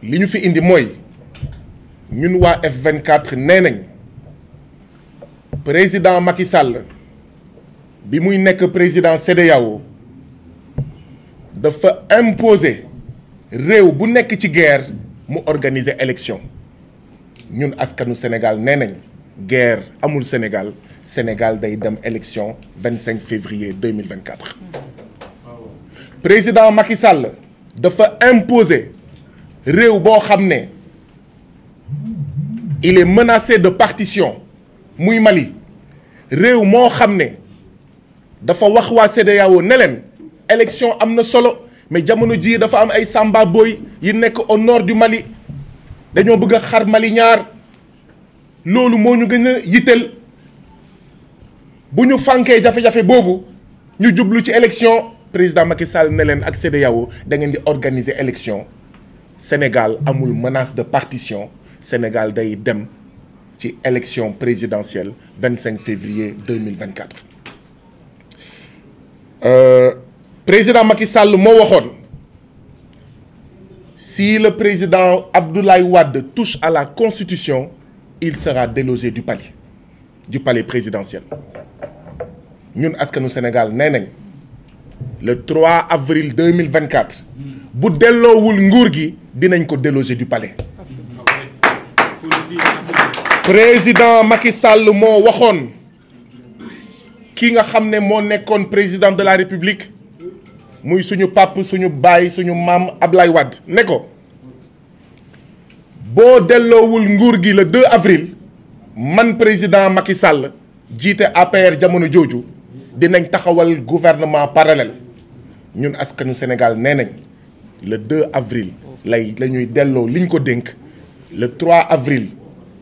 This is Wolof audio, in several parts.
Ce ñu fi indi ñun F24 président Macky Sall bi muy le président CEDEAO imposer réew bu a guerre mu organiser élection ñun askanu Sénégal nee une guerre amul Sénégal Sénégal day dem élection 25 février 2024 président Macky Sall a imposer réew boo il est menacé de partition Mouy Mali réew mo xamné dafa wax wa CEDEAO nelen élection amna solo mais jamono ji dafa am ay Samba boy yi nekk au nord du Mali Dañu bëgg xar Mali ñaar Lolu moo ñu gën a yitteel bu jafé fànkee jafe ñu jublu ci élection président Macky Sall ne ak CEDEAO da ngeen di organiser élection Sénégal amul menace de partition Sénégal day dem élection présidentielle 25 février 2024. Euh, président Macky Sall si le président Abdoulaye Ouad touche à la constitution il sera délogé du palais du palais présidentiel ñun askanu Sénégal le 3 avril 2024. bu delloowul nguur gi dinañ ko déloger du palais président Macky Sall moo waxoon ki nga xam ne moo nekkoon président de la république muy suñu pàpp suñu baay suñu maam lay Wade ne ko boo delloowul nguur gi la 2 avril man président Macky Sall jiite APR jamono jooju dinañ taxawal gouvernement parallèle ñun askanu Sénégal nee nañ le 2 avril lay la ñuy delloo li le 3 avril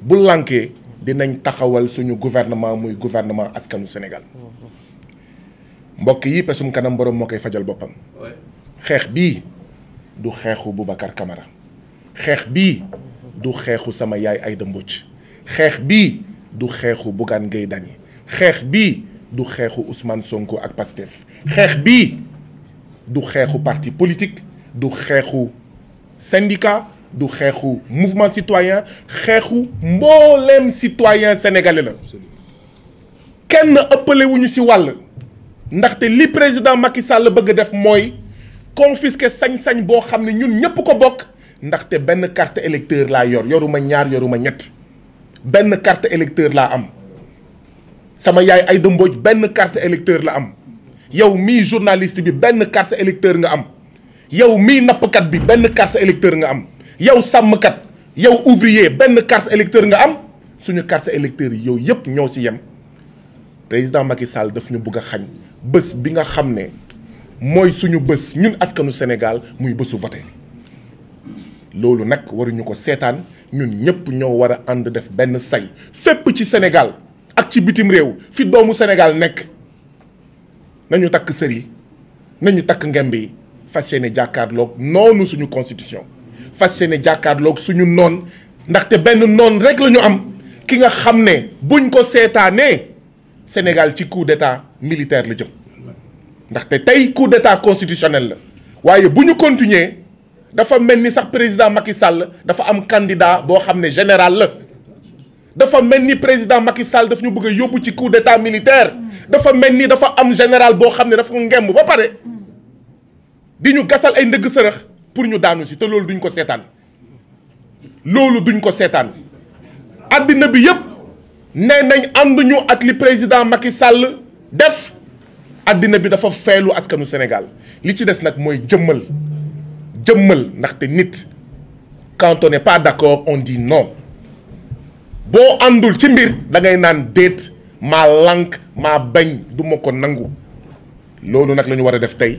bu lànkee dinañ taxawal suñu gouvernement muy gouvernement askanu Sénégal mbokk yi pesum kanam borom moo koy fajal bopam. Xex bi du xexu Boubacar Camara Xex bi du xexu sama yaay Aïda Mbodj Xex bi du xexu Bougan Gueye Dany xeex du xexu Ousmane Sonko ak Pastef Xex bi du xexu parti politique du syndicat du mouvement citoyen le mbooleem citoyen sénégalais Quel que le wu le président Macky Sall bëgg def moy confisquer sañ-sañ bo xam ñun ñëpp ko carte électeur la yor yoruma ñaar carte électeur am sama yaay carte électeur la am yow journaliste bi carte électeur yow mii nappkat bi benn carte électeur nga am yow sàmmkat yow ouvrier benn carte électeur nga am suñu carte électeur yi yow yëpp ñoo ci yem président Macky Sall daf ñu bëgg a xañ bës bi nga xam ne mooy suñu bës ñun askanu Sénégal muy bésu vote loolu nag waruñu ko seetaan ñun ñëpp ñoo war a ànd def benn say fépp ci Sénégal ak ci bitim réew fi doomu Sénégal nekk nañu takk sër nañu takk ngemb yi fas jakarlok nonu suñu constitution fas jakarlok suñu non ndaxte benn non rek lañu am ki nga xamné ne buñ ko sétané Sénégal ci coup d'état militaire la jëm ndaxte tay coup d'état constitutionnel la waaye buñu continuer dafa melni sax président Macky Sall dafa am candidat bo xamné général la dafa melni président Macky Sall daf ñu bëgg yobu ci coup d'état militaire dafa melni dafa am général bo xamné dafa ko ba di ñu gasal ay ndëgg sërëx pour ñu daanu si te loolu duñ ko seetaan loolu duñ ko seetaan àddina bi yëpp nee nañ ànduñu ak li président Macky Sall def àddina bi dafa feelu askanu senegal li ci des nag mooy jëmmal jëmmal ndaxte nit quand on n'est pas d'accord on dit non boo àndul ci mbir da ngay naan déet maa lànk maa bañ du ma ko nangu loolu nag lañu ñu war a def tey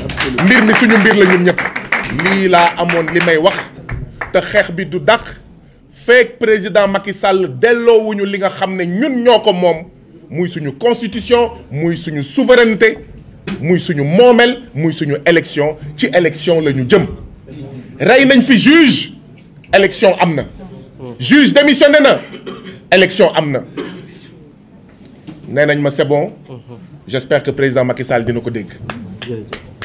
mbir mi suñu mbir la ñun ñëpp lii laa amoon li may wax te xeex bi du dàq feek président Macky Sall delloowuñu li nga xam ne ñun ñoo ko moom muy suñu constitution muy suñu souveraineté muy suñu moomeel muy suñu élection ci élection la ñu jëm rey nañ fi juge élection am na juge démissionné na élection am na nee nañ ma c'est bon j'espère que président Macky Sall dina ko dégg